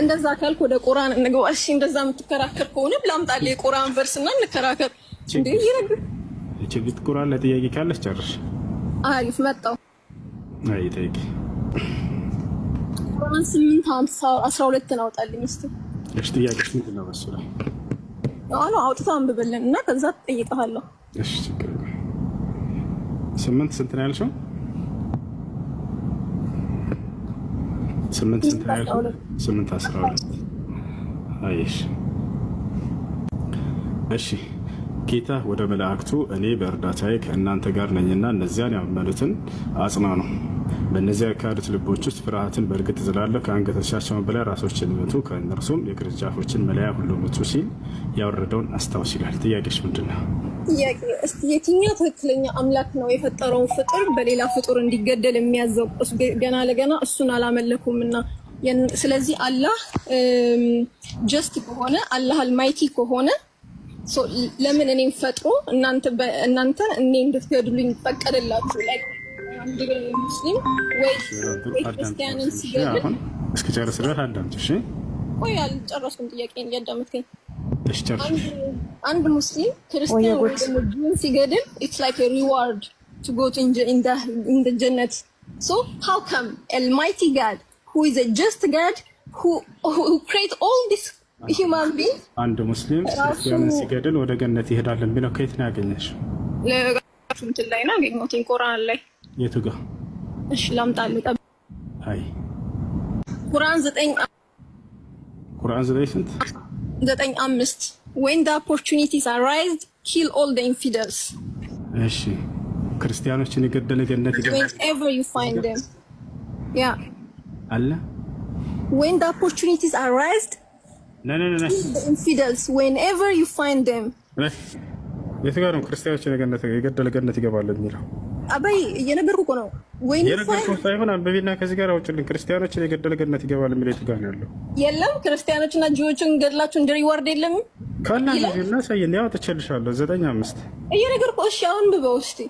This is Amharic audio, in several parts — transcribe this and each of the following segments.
እንደዛ ካልክ ወደ ቁርአን እንግባ። እሺ፣ እንደዛ የምትከራከር ከሆነ ላምጣልህ የቁርአን ቨርስ እና እንከራከር። እንዴ ይረግ ችግት ቁርአን ለጥያቄ ካለሽ ጨርሽ። አሪፍ መጣው። አይ ጠይቂ። ቁርአን 8 አስራ ሁለትን አውጣልኝ እስቲ። እሺ፣ ጥያቄሽ ምንድን ነው? በሱ ላይ አሁን አውጥታ አንብብልን እና ከዛ ትጠይቀሃለሁ። እሺ፣ ችግር ስምንት ስንት ነው ያልሽው? ስምንት አስራ ሁለት አየሽ። እሺ ጌታ ወደ መላእክቱ እኔ በእርዳታዬ ከእናንተ ጋር ነኝና እነዚያን ያመኑትን አጽና ነው። በእነዚያ የካዱት ልቦች ውስጥ ፍርሃትን በእርግጥ ዝላለሁ። ከአንገቶቻቸውን በላይ ራሶችን ምቱ፣ ከእነርሱም የቅርንጫፎችን መለያ ሁሉ ምቱ ሲል ያወረደውን አስታውስ ይላል። ጥያቄሽ ምንድን ነው? ጥያቄ እስቲ የትኛው ትክክለኛ አምላክ ነው የፈጠረውን ፍጡር በሌላ ፍጡር እንዲገደል የሚያዘው? ገና ለገና እሱን አላመለኩም እና ስለዚህ አላህ ጀስት ከሆነ አላህ አልማይቲ ከሆነ ለምን እኔም ፈጥሮ እናንተ እኔ እንድትገድሉኝ ፈቀደላችሁ? ሙስሊም ወይ ክርስቲያንን ሲገድል ድረስ አዳምጪ። ቆይ አልጨረስኩም። ጥያቄ እያዳመጥከኝ አንድ ሙስሊም ክርስቲያን ሲገድል ኢትስ ላይክ ሪዋርድ ቱ ጎ ቱ ጀነት ሶ ሃው ከም አልማይቲ ጋድ ሁ ኢዝ ጀስት ጋድ ሁ ክሬት ኦል ዲስ ሂውማን ቢንግ አንድ ሙስሊም ክርስቲያንን ሲገድል ወደ ገነት ይሄዳል የሚለው ከየት ነው ያገኘሽ? ለጋችሁ ላይ ነው ያገኘሁት፣ ቁርአን ላይ የቱ ጋር? እሺ ላምጣልህ። አይ ቁርአን ዘጠኝ ቁርአን ዘጠኝ ስንት ዘጠኝ አምስት ወን ኦፖርቹኒቲስ አራይዝ ኪል ኦል ኢንፊደልስ። እሺ ክርስቲያኖችን የገደለ ገነት አለ። ወን ኦፖርቹኒቲስ አራይዝ ኢንፊደልስ ዌንኤቨር ዩ ፋይንድ ደም። የት ጋር ነው ክርስቲያኖችን የገደለ ገነት ይገባል የሚለው? አበይ እየነበርኩ እኮ ነው የነገርኩህ ሳይሆን አንበቤና ከዚህ ጋር አውጭልን። ክርስቲያኖችን የገደለ ገነት ይገባል የሚለው የቱ ጋር ነው ያለው? የለም ክርስቲያኖችና ጂዎችን ገድላችሁ እንደ ሪዋርድ የለም ካላ ጊዜና ሳይን ያው ትችልሻለሁ። ዘጠኝ አምስት እየነገርኩህ። እሺ አሁን እስኪ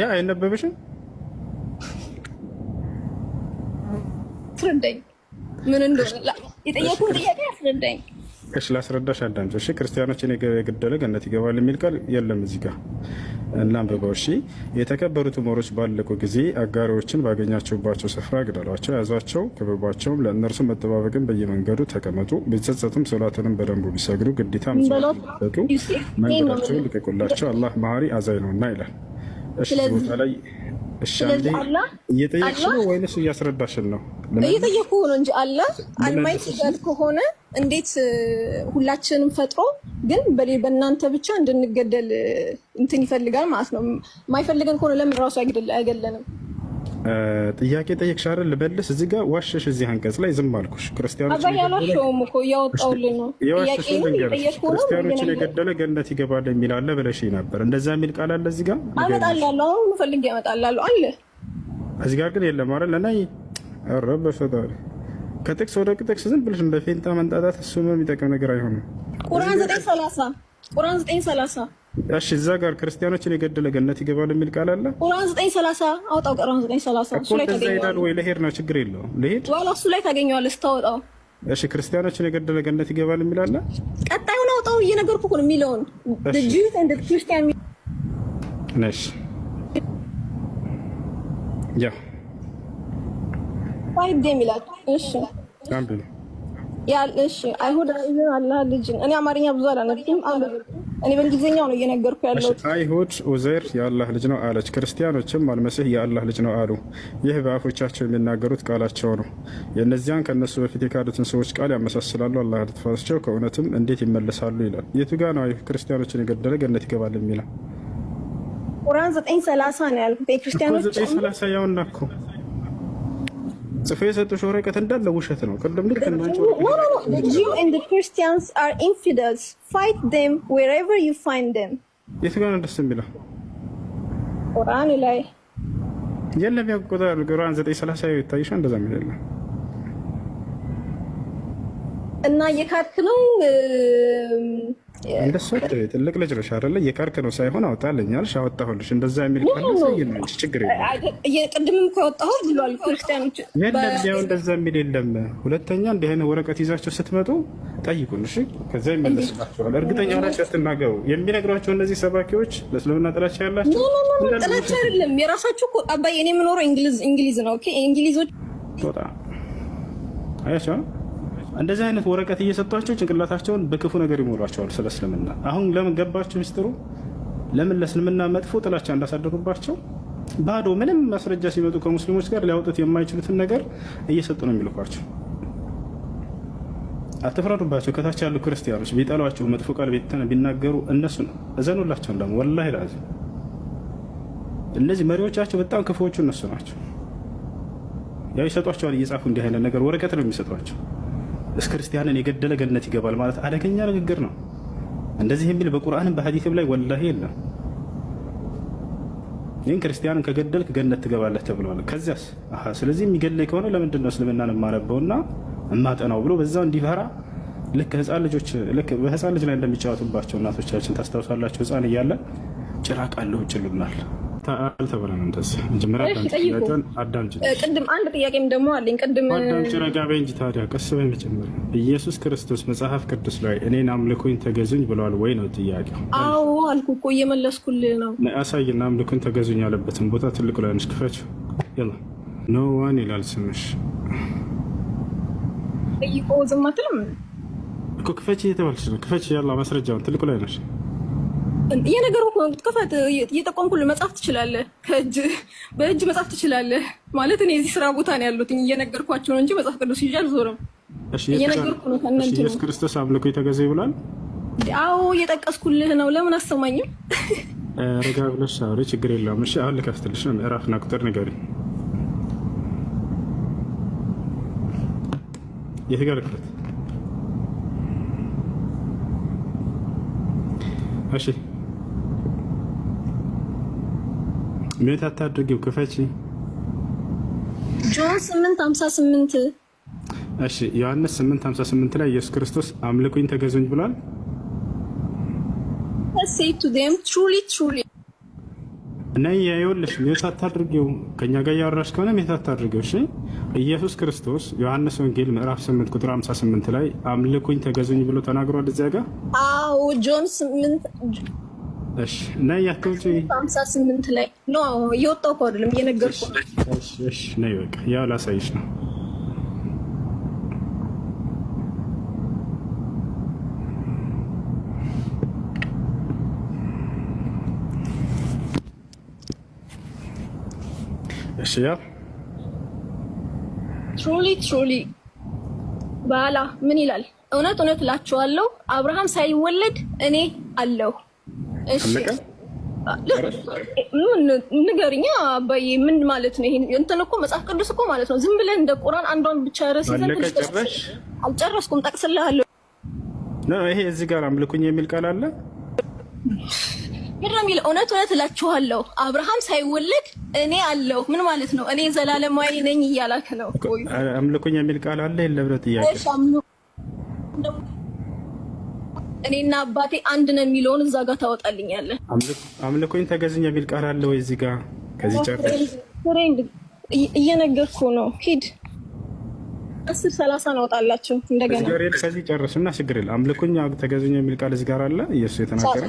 ያ አይነበብሽም። አስረዳኝ ምን እንደሆነ የጠየኩህን ጥያቄ አስረዳኝ። እሺ ላስረዳሽ አዳምጪው። እሺ ክርስቲያኖችን የገደለ ገነት ይገባል የሚል ቃል የለም እዚህ ጋር እናንብበው። እሺ የተከበሩት ሞሮች ባለቁ ጊዜ አጋሪዎችን ባገኛችሁባቸው ስፍራ ግደሏቸው፣ ያዟቸው፣ ክበቧቸውም፣ ለእነርሱ መጠባበቅን በየመንገዱ ተቀመጡ፣ ቢጸጸቱም ሶላትንም በደንቡ ቢሰግዱ ግዴታ ምጽዋቱ መንገዳቸውን ልቀቁላቸው፣ አላህ መሀሪ አዛኝ ነውና ይላል። እሺ ቦታ ላይ ስለዚህ እየጠየቅሽ ነው ወይንስ እያስረዳሽን ነው? ነው እንጂ አልማይቲ ከሆነ እንዴት ሁላችንም ፈጥሮ ግን በእናንተ ብቻ እንድንገደል እንትን ይፈልጋል ማለት ነው። የማይፈልገን ከሆነ ለምን ራሱ አይገለንም? ጥያቄ ጠየቅሽ አይደል? ልመልስ። እዚህ ጋር ዋሸሽ። እዚህ አንቀጽ ላይ ዝም አልኩሽ። ክርስቲያኖችን የገደለ ገነት ይገባል የሚል አለ ብለሽ ነበር። እንደዛ የሚል ቃል አለ እዚህ ጋር አለ። እዚህ ጋር ግን የለም አይደል? እና ኧረ በፈጣሪ ከጥቅስ ወደ ቅጥቅስ ዝም ብለሽ እንደ ፌንጣ መንጣጣት እሱ የሚጠቅም ነገር አይሆንም። ቁርአን 930 እሺ እዛ ጋር ክርስቲያኖችን የገደለ ገነት ይገባል የሚል ቃል አለ። ቁርአን 930 አውጣው። ቁርአን 930 እሱ ላይ ወይ? ልሄድ ነው ችግር የለውም ለሄድ ዋላ እሱ ላይ ታገኘዋለህ ስታወጣው። እሺ ክርስቲያኖችን የገደለ ገነት ይገባል የሚል አለ። ቀጣዩን አውጣው። እየነገርኩህ እኮ ነው የሚለውን ጂውስ ኤንድ ክርስቲያን ነሽ ያ ፋይድ የሚላል እሺ አንብብ ያ እሺ አይሁድ አላህ ልጅን እኔ አማርኛ ብዙ አላነብኩም አንብብ እኔ በእንግሊዝኛው ነው እየነገርኩ ያለሁት። አይሁድ ኡዘይር የአላህ ልጅ ነው አለች። ክርስቲያኖችም አልመሲህ የአላህ ልጅ ነው አሉ። ይህ በአፎቻቸው የሚናገሩት ቃላቸው ነው። የእነዚያን ከእነሱ በፊት የካዱትን ሰዎች ቃል ያመሳስላሉ። አላህ ልትፋቸው ከእውነትም እንዴት ይመለሳሉ ይላል። የቱ ጋ ነው ክርስቲያኖችን የገደለ ገነት ይገባል የሚለው? ቁርአን ሰላሳ ነው ያልኩት። ክርስቲያኖች 930 ያውና እኮ ጽፌ የሰጡሽ ወረቀት እንዳለ ውሸት ነው። ቅድም ልክ እናንቺ የት ጋር ነው ደስ የሚለው? ቁርአን ላይ የለም ያቆጣል። ቁርአን ዘጠኝ ሰላሳ ይታይሻ እንደዛ የሚል የለም እና የካድክ ነው እንደሷት ትልቅ ልጅ ነሽ አይደለ? እየቀርክ ነው ሳይሆን አውጣልኛልሽ አወጣሁልሽ። እንደዛ የሚል ካለች ችግር ቅድምም ከወጣሁ ብሏል። ክርስቲያኖች የለም ያው እንደዛ የሚል የለም። ሁለተኛ እንዲህ አይነት ወረቀት ይዛቸው ስትመጡ ጠይቁን፣ እሺ? ከዚያ ይመለስላቸዋል። እርግጠኛ ሆናችሁ አትናገሩ። የሚነግሯቸው እነዚህ ሰባኪዎች ለእስልምና ጥላቻ ያላቸው ጥላቻ አይደለም። የራሳቸው እኮ አባዬ፣ እኔ የምኖረው እንግሊዝ ነው። እንግሊዞች ጣ አያቸው እንደዚህ አይነት ወረቀት እየሰጧቸው ጭንቅላታቸውን በክፉ ነገር ይሞሏቸዋል። ስለ እስልምና አሁን ለምን ገባቸው ሚስጥሩ? ለምን ለእስልምና መጥፎ ጥላቻ እንዳሳደሩባቸው ባዶ ምንም ማስረጃ ሲመጡ ከሙስሊሞች ጋር ሊያወጡት የማይችሉትን ነገር እየሰጡ ነው የሚልኳቸው። አትፍረዱባቸው። ከታች ያሉ ክርስቲያኖች ቢጠሏቸው፣ መጥፎ ቃል ቢናገሩ እነሱ ነው እዘኑላቸው። ደግሞ ወላሂ ላዚ እነዚህ መሪዎቻቸው በጣም ክፉዎቹ እነሱ ናቸው። ያው ይሰጧቸዋል፣ እየጻፉ እንዲህ አይነት ነገር ወረቀት ነው የሚሰጧቸው። እስ ክርስቲያንን የገደለ ገነት ይገባል ማለት አደገኛ ንግግር ነው። እንደዚህ የሚል በቁርአንም በሐዲስም ላይ ወላሂ የለም። ይህን ክርስቲያንን ከገደልክ ገነት ትገባለህ ተብሏል። ከዚያስ ስለዚህ የሚገለኝ ከሆነ ለምንድን ነው እስልምናን የማነበውና እማጠናው ብሎ በዛው እንዲፈራ ልክ ህፃን ልጆች ልክ በህፃን ልጅ ላይ እንደሚጫወቱባቸው እናቶቻችን ታስታውሳላቸው። ህፃን እያለን ጭራቅ አለው ይሉናል። አልተባለንም። ደስ መጀመሪያ ቅድም አንድ ጥያቄም ደግሞ አለኝ። ቅድም አዳምጪ፣ ረጋ በይ እንጂ ታዲያ ቀስ በይ። መጀመር ኢየሱስ ክርስቶስ መጽሐፍ ቅዱስ ላይ እኔን አምልኩኝ ተገዙኝ ብለዋል ወይ ነው ጥያቄው? አዎ አልኩ እኮ እየመለስኩልህ ነው። አሳይና አምልኩኝ ተገዙኝ ያለበትን ቦታ ትልቁ ላይ ነሽ፣ ክፈችው። ይላ ኖ ዋን ይላል ስምሽ ጠይቆ ዝም አትልም እኮ ክፈች እየተባለች ነው። ክፈች ያላ ማስረጃውን ትልቁ ላይ ነች። የነገሩ ክፈት እየጠቆምኩልህ መጻፍ ትችላለህ። ከእጅ በእጅ መጻፍ ትችላለህ ማለት እኔ የዚህ ስራ ቦታ ነው ያሉት እየነገርኳቸው ነው እንጂ መጽሐፍ ቅዱስ ይዤ አልዞርም። እየነገርኩ ነው። ከእናንተ ኢየሱስ ክርስቶስ አምልኮ የተገዛ ይብላል። አዎ እየጠቀስኩልህ ነው። ለምን አሰማኝም? ረጋ ብለሽ አውሪ፣ ችግር የለውም። እሺ አሁን ልከፍትልሽ ነው። ምዕራፍና ቁጥር ንገሪ። የት ጋር ልክፈት? እሺ ሚዩት አታድርጊው፣ ክፈቺ። ጆን 8:58 እሺ፣ ዮሐንስ 8:58 ላይ ኢየሱስ ክርስቶስ አምልኩኝ ተገዙኝ ብሏል። እና ይኸውልሽ ሚዩት አታድርጊው፣ ከኛ ጋር ያወራሽ ከሆነ ሚዩት አታድርጊው። እሺ፣ ኢየሱስ ክርስቶስ ዮሐንስ ወንጌል ምዕራፍ 8 ቁጥር 58 ላይ አምልኩኝ ተገዙኝ ብሎ ተናግሯል። እዚያ ጋር አዎ ጆን 8 እሺ እና አትውጪ። ስምንት ላይ ኖ እየወጣሁ እኮ አይደለም ነው። እሺ ነይ በቃ ያው ላሳይሽ ነው። እሺ ያው ትሩሊ ትሩሊ ባላ ምን ይላል? እውነት እውነት እላችኋለሁ አብርሃም ሳይወለድ እኔ አለሁ ንገርኛ አባዬ፣ ምን ማለት ነው? ይሄን እንትን እኮ መጽሐፍ ቅዱስ እኮ ማለት ነው። ዝም ብለን እንደ ቁራን አንዷን ብቻ ረስ አልጨረስኩም፣ ጠቅስልሃለሁ። ይሄ እዚህ ጋር አምልኩኝ የሚል ቃል አለ ምድር የሚል እውነት እውነት እላችኋለሁ አብርሃም ሳይወለድ እኔ አለሁ። ምን ማለት ነው? እኔ ዘላለማዊ ነኝ እያላክ ነው። አምልኩኝ የሚል ቃል አለ የለብረት እያለ እኔና አባቴ አንድ ነው የሚለውን እዛ ጋር ታወጣልኛለ። አምልኮኝ ተገዝኝ የሚል ቃል አለ ወይ እዚህ ጋር? ከዚህ ጨርስ። እየነገርኩ ነው። ሂድ አስር ሰላሳ ናወጣላችሁ እንደገና ከዚህ ጨርስ እና ችግር የለም። አምልኮኝ ተገዝኝ የሚል ቃል እዚህ ጋር አለ እየሱ የተናገረ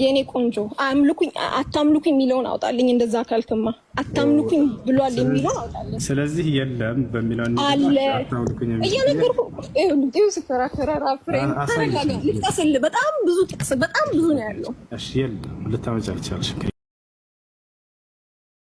የእኔ ቆንጆ አምልኩኝ አታምልኩኝ የሚለውን አውጣልኝ። እንደዛ ካልክማ አታምልኩኝ ብሏል የሚለው አውጣልኝ። ስለዚህ የለም በሚለው አለ እየነገርኩ ስከራከረ ራፍሬ በጣም ብዙ ጥቅስ በጣም ብዙ ነው ያለው። ልታመጫ አልቻልሽም።